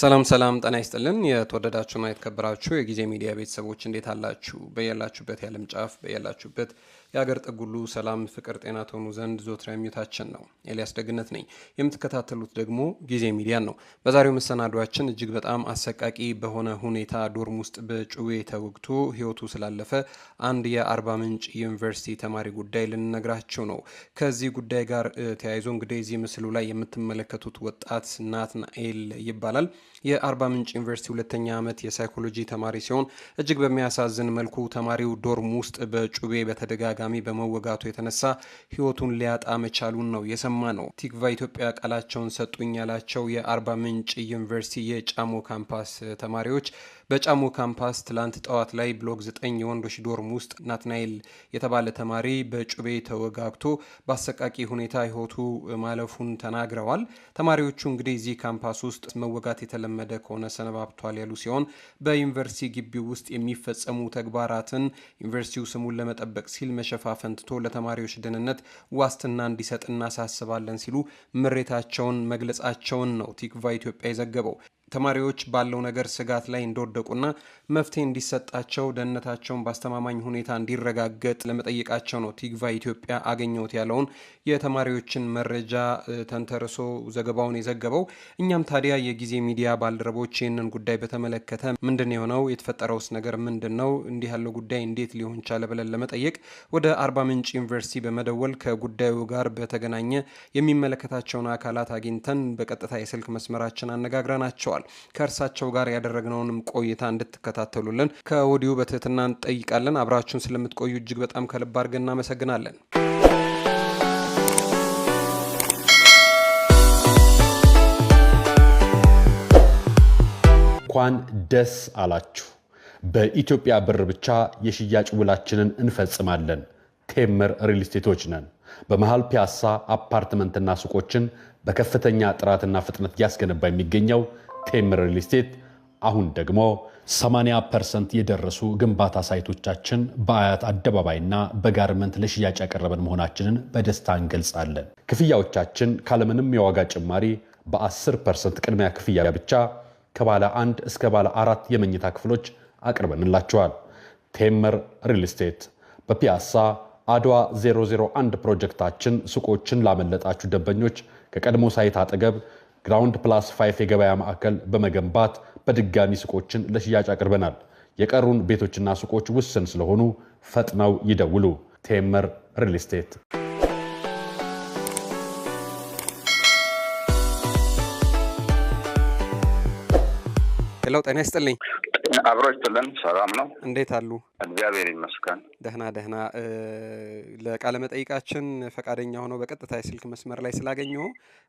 ሰላም ሰላም፣ ጤና ይስጥልን። የተወደዳችሁና የተከበራችሁ የጊዜ ሚዲያ ቤተሰቦች እንዴት አላችሁ? በያላችሁበት የዓለም ጫፍ በያላችሁበት የአገር ጥጉሉ ሰላም፣ ፍቅር፣ ጤና ትሆኑ ዘንድ ዞትሪያ ምኞታችን ነው። ኤልያስ ደግነት ነኝ። የምትከታተሉት ደግሞ ጊዜ ሚዲያን ነው። በዛሬው መሰናዷችን እጅግ በጣም አሰቃቂ በሆነ ሁኔታ ዶርም ውስጥ በጩቤ ተወግቶ ሕይወቱ ስላለፈ አንድ የአርባ ምንጭ ዩኒቨርሲቲ ተማሪ ጉዳይ ልንነግራቸው ነው። ከዚህ ጉዳይ ጋር ተያይዞ እንግዲህ እዚህ ምስሉ ላይ የምትመለከቱት ወጣት ናትናኤል ይባላል። የአርባ ምንጭ ዩኒቨርሲቲ ሁለተኛ ዓመት የሳይኮሎጂ ተማሪ ሲሆን እጅግ በሚያሳዝን መልኩ ተማሪው ዶርም ውስጥ በጩቤ በተደጋጋሚ በመወጋቱ የተነሳ ሕይወቱን ሊያጣ መቻሉን ነው የሰማ ነው። ቲክቫ ኢትዮጵያ ቃላቸውን ሰጡኝ ያላቸው የአርባ ምንጭ ዩኒቨርሲቲ የጫሞ ካምፓስ ተማሪዎች በጫሞ ካምፓስ ትላንት ጠዋት ላይ ብሎክ 9 የወንዶች ዶርም ውስጥ ናትናኤል የተባለ ተማሪ በጩቤ ተወጋግቶ በአሰቃቂ ሁኔታ ህይወቱ ማለፉን ተናግረዋል። ተማሪዎቹ እንግዲህ እዚህ ካምፓስ ውስጥ መወጋት የተለመደ ከሆነ ሰነባብቷል ያሉ ሲሆን በዩኒቨርሲቲ ግቢ ውስጥ የሚፈጸሙ ተግባራትን ዩኒቨርሲቲው ስሙን ለመጠበቅ ሲል መሸፋፈን ትቶ ለተማሪዎች ደህንነት ዋስትና እንዲሰጥ እናሳስባለን ሲሉ ምሬታቸውን መግለጻቸውን ነው ቲክቫ ኢትዮጵያ የዘገበው። ተማሪዎች ባለው ነገር ስጋት ላይ እንደወደቁና መፍትሄ እንዲሰጣቸው ደህንነታቸውን በአስተማማኝ ሁኔታ እንዲረጋገጥ ለመጠየቃቸው ነው። ቲግቫ ኢትዮጵያ አገኘሁት ያለውን የተማሪዎችን መረጃ ተንተርሶ ዘገባውን የዘገበው። እኛም ታዲያ የጊዜ ሚዲያ ባልደረቦች ይህንን ጉዳይ በተመለከተ ምንድን የሆነው? የተፈጠረውስ ነገር ምንድን ነው? እንዲህ ያለው ጉዳይ እንዴት ሊሆን ቻለ? ብለን ለመጠየቅ ወደ አርባ ምንጭ ዩኒቨርሲቲ በመደወል ከጉዳዩ ጋር በተገናኘ የሚመለከታቸውን አካላት አግኝተን በቀጥታ የስልክ መስመራችን አነጋግረናቸዋል። ተናግረዋል። ከእርሳቸው ጋር ያደረግነውንም ቆይታ እንድትከታተሉልን ከወዲሁ በትህትና እንጠይቃለን። አብራችሁን ስለምትቆዩ እጅግ በጣም ከልብ አድርገን እናመሰግናለን። እንኳን ደስ አላችሁ። በኢትዮጵያ ብር ብቻ የሽያጭ ውላችንን እንፈጽማለን። ቴምር ሪል ስቴቶች ነን። በመሃል ፒያሳ አፓርትመንትና ሱቆችን በከፍተኛ ጥራትና ፍጥነት እያስገነባ የሚገኘው ቴምር ሪል ስቴት አሁን ደግሞ 80 ፐርሰንት የደረሱ ግንባታ ሳይቶቻችን በአያት አደባባይና በጋርመንት ለሽያጭ ያቀረበን መሆናችንን በደስታ እንገልጻለን። ክፍያዎቻችን ካለምንም የዋጋ ጭማሪ በ10 ፐርሰንት ቅድሚያ ክፍያ ብቻ ከባለ አንድ እስከ ባለ አራት የመኝታ ክፍሎች አቅርበንላቸዋል። ቴምር ሪል ስቴት በፒያሳ አድዋ 001 ፕሮጀክታችን ሱቆችን ላመለጣችሁ ደንበኞች ከቀድሞ ሳይት አጠገብ ግራውንድ ፕላስ ፋይፍ የገበያ ማዕከል በመገንባት በድጋሚ ሱቆችን ለሽያጭ አቅርበናል። የቀሩን ቤቶችና ሱቆች ውስን ስለሆኑ ፈጥነው ይደውሉ። ቴምር ሪል ስቴት። ጤና ይስጥልኝ። አብሮ ይስጥልን። ሰላም ነው? እንዴት አሉ? እግዚአብሔር ይመስገን። ደህና ደህና። ለቃለ መጠይቃችን ፈቃደኛ ሆኖ በቀጥታ የስልክ መስመር ላይ ስላገኘ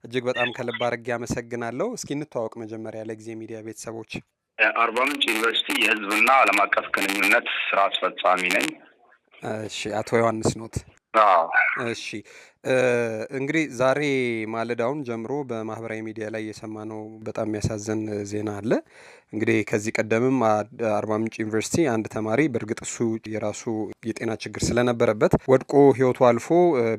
እጅግ በጣም ከልብ አድርጌ አመሰግናለሁ። እስኪ እንተዋወቅ መጀመሪያ ለጊዜ ሚዲያ ቤተሰቦች። አርባ ምንጭ ዩኒቨርሲቲ የህዝብና ዓለም አቀፍ ግንኙነት ስራ አስፈጻሚ ነኝ። እሺ፣ አቶ ዮሐንስ ኖት እሺ እንግዲህ ዛሬ ማለዳውን ጀምሮ በማህበራዊ ሚዲያ ላይ የሰማነው በጣም የሚያሳዝን ዜና አለ። እንግዲህ ከዚህ ቀደምም አርባ ምንጭ ዩኒቨርሲቲ አንድ ተማሪ በእርግጥ እሱ የራሱ የጤና ችግር ስለነበረበት ወድቆ ህይወቱ አልፎ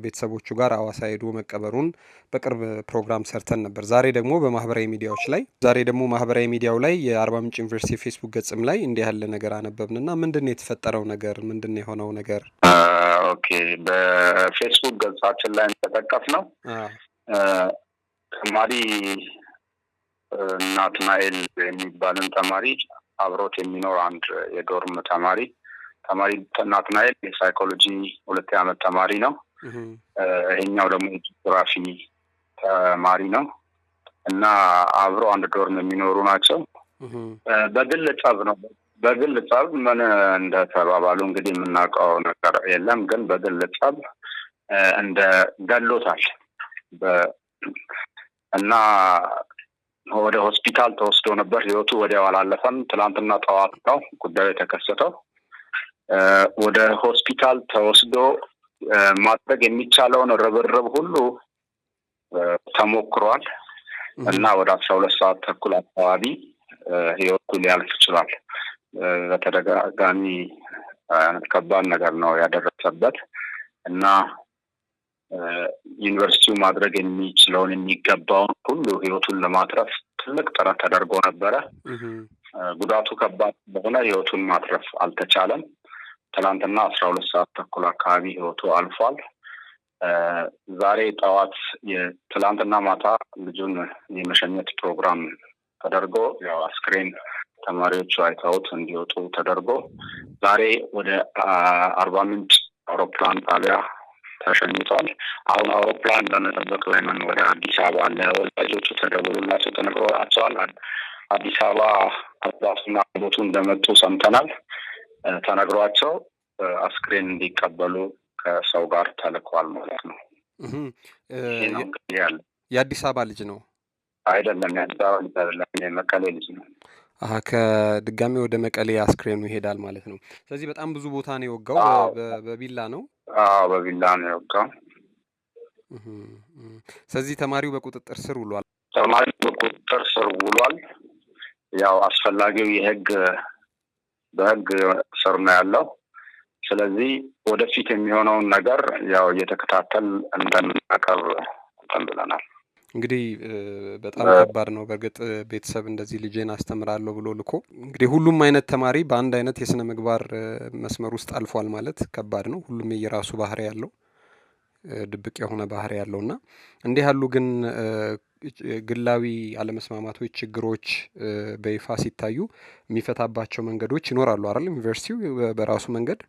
ቤተሰቦቹ ጋር አዋሳ ሄዶ መቀበሩን በቅርብ ፕሮግራም ሰርተን ነበር። ዛሬ ደግሞ በማህበራዊ ሚዲያዎች ላይ ዛሬ ደግሞ ማህበራዊ ሚዲያው ላይ የአርባ ምንጭ ዩኒቨርሲቲ ፌስቡክ ገጽም ላይ እንዲህ ያለ ነገር አነበብንና ምንድን ነው የተፈጠረው ነገር? ምንድን ነው የሆነው ነገር? ኦኬ በፌስቡክ ገጻችን ላይ እንተጠቀፍ ነው ተማሪ ናትናኤል የሚባልን ተማሪ አብሮት የሚኖር አንድ የዶርም ተማሪ ተማሪ ናትናኤል የሳይኮሎጂ ሁለት ዓመት ተማሪ ነው። ይሄኛው ደግሞ የጂኦግራፊ ተማሪ ነው እና አብሮ አንድ ዶርም የሚኖሩ ናቸው። በግል ጠብ ነው በግል ጸብ ምን ተባባሉ እንግዲህ የምናውቀው ነገር የለም። ግን በግል ጸብ እንደ ገሎታል እና ወደ ሆስፒታል ተወስዶ ነበር። ህይወቱ ወዲያው አላለፈም። ትላንትና ጠዋት ነው ጉዳዩ የተከሰተው። ወደ ሆስፒታል ተወስዶ ማድረግ የሚቻለውን ርብርብ ሁሉ ተሞክሯል እና ወደ አስራ ሁለት ሰዓት ተኩል አካባቢ ህይወቱ ሊያልፍ ይችላል። በተደጋጋሚ ከባድ ነገር ነው ያደረሰበት እና ዩኒቨርሲቲው ማድረግ የሚችለውን የሚገባውን ሁሉ ህይወቱን ለማትረፍ ትልቅ ጥረት ተደርጎ ነበረ። ጉዳቱ ከባድ በሆነ ህይወቱን ማትረፍ አልተቻለም። ትናንትና አስራ ሁለት ሰዓት ተኩል አካባቢ ህይወቱ አልፏል። ዛሬ ጠዋት ትላንትና ማታ ልጁን የመሸኘት ፕሮግራም ተደርጎ ያው አስክሬን ተማሪዎቹ አይተውት እንዲወጡ ተደርጎ ዛሬ ወደ አርባ ምንጭ አውሮፕላን ጣቢያ ተሸኝቷል። አሁን አውሮፕላን በመጠበቅ ላይ ነን። ወደ አዲስ አበባ ለወላጆቹ ተደውሎላቸው ተነግሮላቸዋል። አዲስ አበባ አባቱና ቦቱ እንደመጡ ሰምተናል። ተነግሯቸው አስክሬን እንዲቀበሉ ከሰው ጋር ተልኳል ማለት ነው። የአዲስ አበባ ልጅ ነው አይደለም፣ የአዲስ አበባ ልጅ አይደለም፣ የመቀሌ ልጅ ነው። ከድጋሚ ወደ መቀሌ አስክሬኑ ይሄዳል ማለት ነው። ስለዚህ በጣም ብዙ ቦታ ነው የወጋው። በቢላ ነው? አዎ በቢላ ነው የወጋው። ስለዚህ ተማሪው በቁጥጥር ስር ውሏል። ተማሪው በቁጥጥር ስር ውሏል። ያው አስፈላጊው የህግ በህግ ስር ነው ያለው። ስለዚህ ወደፊት የሚሆነውን ነገር ያው እየተከታተል እንደምናቀርብ ብለናል። እንግዲህ በጣም ከባድ ነው። በእርግጥ ቤተሰብ እንደዚህ ልጄን አስተምራለሁ ብሎ ልኮ እንግዲህ ሁሉም አይነት ተማሪ በአንድ አይነት የስነ ምግባር መስመር ውስጥ አልፏል ማለት ከባድ ነው። ሁሉም የየራሱ ባህሪ ያለው ድብቅ የሆነ ባህሪ ያለው እና እንዲህ ያሉ ግን ግላዊ አለመስማማቶች፣ ችግሮች በይፋ ሲታዩ የሚፈታባቸው መንገዶች ይኖራሉ አይደል? ዩኒቨርሲቲው በራሱ መንገድ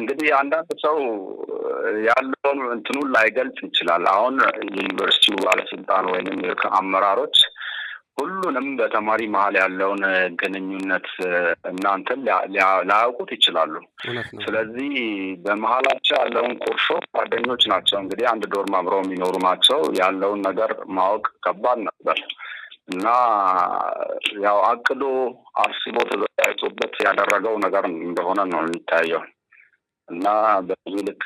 እንግዲህ አንዳንድ ሰው ያለውን እንትኑን ላይገልጽ ይችላል። አሁን የዩኒቨርሲቲው ባለስልጣን ወይም አመራሮች ሁሉንም በተማሪ መሀል ያለውን ግንኙነት እናንተን ላያውቁት ይችላሉ። ስለዚህ በመሀላቸው ያለውን ቁርሾ ጓደኞች ናቸው እንግዲህ አንድ ዶር አብረው የሚኖሩ ናቸው። ያለውን ነገር ማወቅ ከባድ ነበር እና ያው አቅዶ አስቦ ተዘጋጅቶበት ያደረገው ነገር እንደሆነ ነው የሚታየው። እና በዚህ ልክ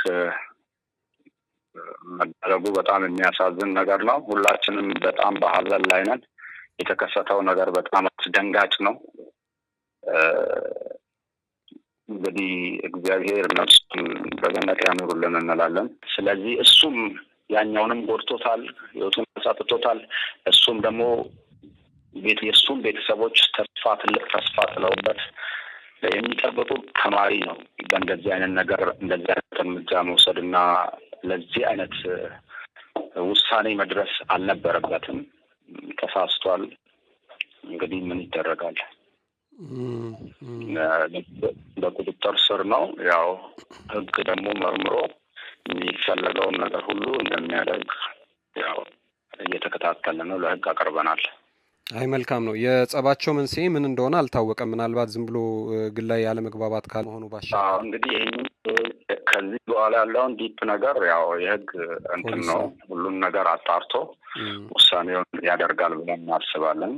መደረጉ በጣም የሚያሳዝን ነገር ነው። ሁላችንም በጣም በሀዘን ላይ ነን። የተከሰተው ነገር በጣም አስደንጋጭ ነው። እንግዲህ እግዚአብሔር ነፍሱን በገነት ያኑሩልን እንላለን። ስለዚህ እሱም ያኛውንም ጎድቶታል፣ ህይወቱን አሳጥቶታል። እሱም ደግሞ ቤት የእሱም ቤተሰቦች ተስፋ ትልቅ ተስፋ ጥለውበት የሚጠብቁት ተማሪ ነው በእንደዚህ አይነት ነገር እንደዚህ አይነት እርምጃ መውሰድና ለዚህ አይነት ውሳኔ መድረስ አልነበረበትም። ተሳስቷል። እንግዲህ ምን ይደረጋል? በቁጥጥር ስር ነው። ያው ህግ ደግሞ መርምሮ የሚፈለገውን ነገር ሁሉ እንደሚያደርግ ያው እየተከታተለ ነው። ለህግ አቅርበናል። አይ መልካም ነው። የጸባቸው መንስኤ ምን እንደሆነ አልታወቀም። ምናልባት ዝም ብሎ ግላይ ያለመግባባት ካልሆኑ ባሻ እንግዲህ ከዚህ በኋላ ያለውን ዲፕ ነገር ያው የህግ እንትን ነው፣ ሁሉም ነገር አጣርቶ ውሳኔውን ያደርጋል ብለን እናስባለን።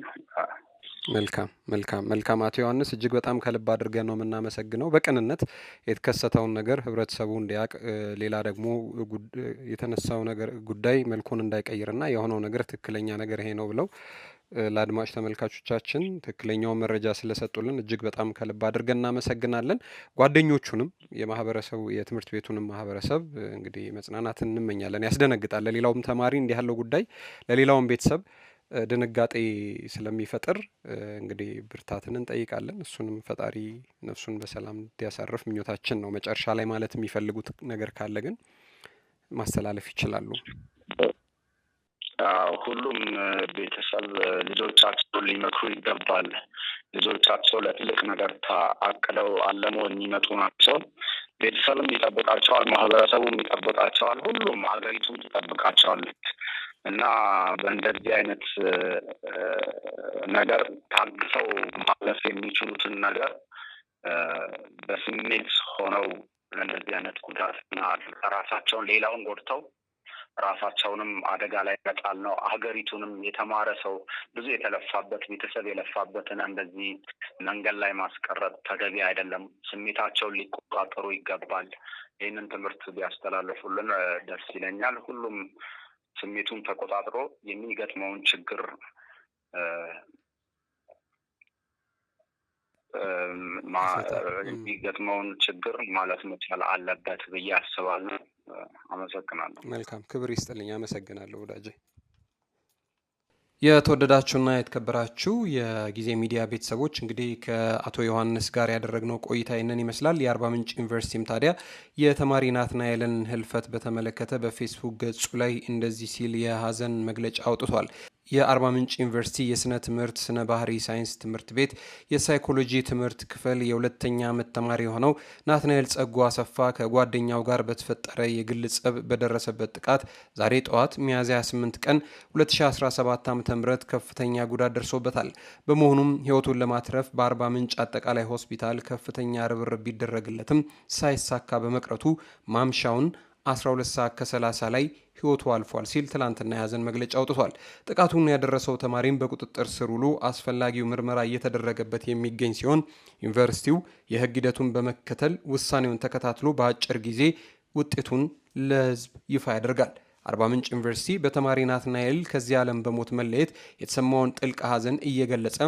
መልካም መልካም መልካም። አቶ ዮሐንስ እጅግ በጣም ከልብ አድርገን ነው የምናመሰግነው። በቅንነት የተከሰተውን ነገር ህብረተሰቡ እንዲያውቅ፣ ሌላ ደግሞ የተነሳው ነገር ጉዳይ መልኩን እንዳይቀይርና የሆነው ነገር ትክክለኛ ነገር ይሄ ነው ብለው ለአድማጭ ተመልካቾቻችን ትክክለኛውን መረጃ ስለሰጡልን እጅግ በጣም ከልብ አድርገን እናመሰግናለን። ጓደኞቹንም የማህበረሰቡ የትምህርት ቤቱንም ማህበረሰብ እንግዲህ መጽናናትን እንመኛለን። ያስደነግጣል። ለሌላውም ተማሪ እንዲህ ያለው ጉዳይ ለሌላውም ቤተሰብ ድንጋጤ ስለሚፈጥር እንግዲህ ብርታትን እንጠይቃለን። እሱንም ፈጣሪ ነፍሱን በሰላም እንዲያሳርፍ ምኞታችን ነው። መጨረሻ ላይ ማለት የሚፈልጉት ነገር ካለ ግን ማስተላለፍ ይችላሉ። ሁሉም ቤተሰብ ልጆቻቸውን ሊመክሩ ይገባል። ልጆቻቸው ለትልቅ ነገር አቅደው አለመው የሚመጡ ናቸው። ቤተሰብም ይጠብቃቸዋል፣ ማህበረሰቡም ይጠብቃቸዋል፣ ሁሉም ሀገሪቱም ትጠብቃቸዋለች እና በእንደዚህ አይነት ነገር ታግሰው ማለፍ የሚችሉትን ነገር በስሜት ሆነው ለእንደዚህ አይነት ጉዳት እና ራሳቸውን ሌላውን ጎድተው ራሳቸውንም አደጋ ላይ መጣል ነው። ሀገሪቱንም የተማረ ሰው ብዙ የተለፋበት ቤተሰብ የለፋበትን እንደዚህ መንገድ ላይ ማስቀረጥ ተገቢ አይደለም። ስሜታቸውን ሊቆጣጠሩ ይገባል። ይህንን ትምህርት ቢያስተላልፉልን ደስ ይለኛል። ሁሉም ስሜቱን ተቆጣጥሮ የሚገጥመውን ችግር የሚገጥመውን ችግር ማለት መቻል አለበት ብዬ አስባለሁ። አመሰግናለሁ። መልካም ክብር ይስጥልኝ። አመሰግናለሁ ወዳጄ። የተወደዳችሁና የተከበራችሁ የጊዜ ሚዲያ ቤተሰቦች እንግዲህ ከአቶ ዮሐንስ ጋር ያደረግነው ቆይታ ይህንን ይመስላል። የአርባ ምንጭ ዩኒቨርሲቲም ታዲያ የተማሪ ናትናኤልን ሕልፈት በተመለከተ በፌስቡክ ገጹ ላይ እንደዚህ ሲል የሀዘን መግለጫ አውጥቷል። የአርባ ምንጭ ዩኒቨርሲቲ የስነ ትምህርት ስነ ባህሪ ሳይንስ ትምህርት ቤት የሳይኮሎጂ ትምህርት ክፍል የሁለተኛ ዓመት ተማሪ የሆነው ናትናኤል ጸጉ አሰፋ ከጓደኛው ጋር በተፈጠረ የግል ጸብ በደረሰበት ጥቃት ዛሬ ጠዋት ሚያዝያ 28 ቀን 2017 ዓ ም ከፍተኛ ጉዳት ደርሶበታል። በመሆኑም ህይወቱን ለማትረፍ በአርባ ምንጭ አጠቃላይ ሆስፒታል ከፍተኛ ርብርብ ቢደረግለትም ሳይሳካ በመቅረቱ ማምሻውን 12 ሰዓት ከ30 ላይ ሕይወቱ አልፏል ሲል ትላንትና የያዘን መግለጫ አውጥቷል። ጥቃቱን ያደረሰው ተማሪም በቁጥጥር ስር ውሎ አስፈላጊው ምርመራ እየተደረገበት የሚገኝ ሲሆን ዩኒቨርሲቲው የህግ ሂደቱን በመከተል ውሳኔውን ተከታትሎ በአጭር ጊዜ ውጤቱን ለህዝብ ይፋ ያደርጋል። አርባ ምንጭ ዩኒቨርሲቲ በተማሪ ናትናኤል ከዚህ ዓለም በሞት መለየት የተሰማውን ጥልቅ ሐዘን እየገለጸ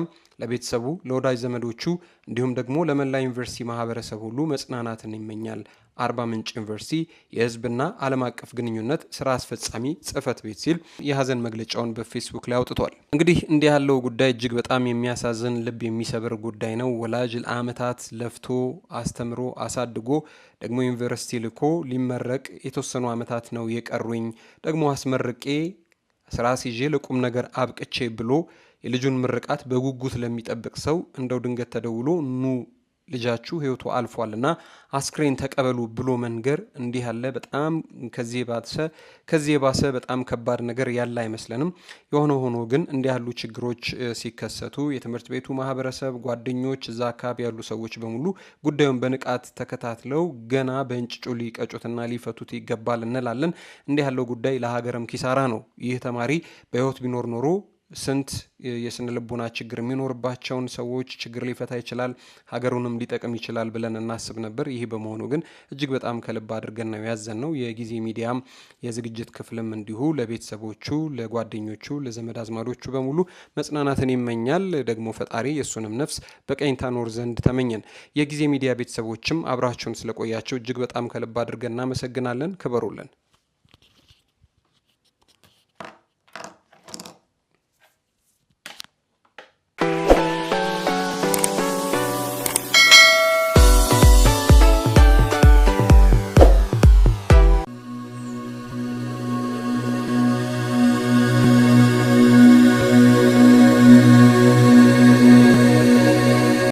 ለቤተሰቡ፣ ለወዳጅ ዘመዶቹ እንዲሁም ደግሞ ለመላ ዩኒቨርሲቲ ማህበረሰብ ሁሉ መጽናናትን ይመኛል። አርባ ምንጭ ዩኒቨርሲቲ የህዝብና ዓለም አቀፍ ግንኙነት ስራ አስፈጻሚ ጽህፈት ቤት ሲል የሀዘን መግለጫውን በፌስቡክ ላይ አውጥቷል። እንግዲህ እንዲህ ያለው ጉዳይ እጅግ በጣም የሚያሳዝን ልብ የሚሰብር ጉዳይ ነው። ወላጅ ለአመታት ለፍቶ አስተምሮ አሳድጎ ደግሞ ዩኒቨርሲቲ ልኮ ሊመረቅ የተወሰኑ አመታት ነው የቀሩኝ ደግሞ አስመርቄ ስራ ሲዤ ለቁም ነገር አብቅቼ ብሎ የልጁን ምርቃት በጉጉት ለሚጠብቅ ሰው እንደው ድንገት ተደውሎ ኑ ልጃችሁ ህይወቱ አልፏል እና አስክሬን ተቀበሉ ብሎ መንገር እንዲህ ያለ በጣም ከዚህ ከዚህ የባሰ በጣም ከባድ ነገር ያለ አይመስለንም። የሆነ ሆኖ ግን እንዲህ ያሉ ችግሮች ሲከሰቱ የትምህርት ቤቱ ማህበረሰብ፣ ጓደኞች፣ እዛ አካባቢ ያሉ ሰዎች በሙሉ ጉዳዩን በንቃት ተከታትለው ገና በእንጭጩ ሊቀጩትና ሊፈቱት ይገባል እንላለን። እንዲህ ያለው ጉዳይ ለሀገርም ኪሳራ ነው። ይህ ተማሪ በህይወት ቢኖር ኖሮ ስንት የስነ ልቦና ችግር የሚኖርባቸውን ሰዎች ችግር ሊፈታ ይችላል፣ ሀገሩንም ሊጠቅም ይችላል ብለን እናስብ ነበር። ይህ በመሆኑ ግን እጅግ በጣም ከልብ አድርገን ነው ያዘን ነው። የጊዜ ሚዲያም የዝግጅት ክፍልም እንዲሁ ለቤተሰቦቹ፣ ለጓደኞቹ፣ ለዘመድ አዝማዶቹ በሙሉ መጽናናትን ይመኛል። ደግሞ ፈጣሪ የእሱንም ነፍስ በቀኝ ታኖር ዘንድ ተመኘን። የጊዜ ሚዲያ ቤተሰቦችም አብራችሁን ስለቆያቸው እጅግ በጣም ከልብ አድርገን እናመሰግናለን። ክበሩልን።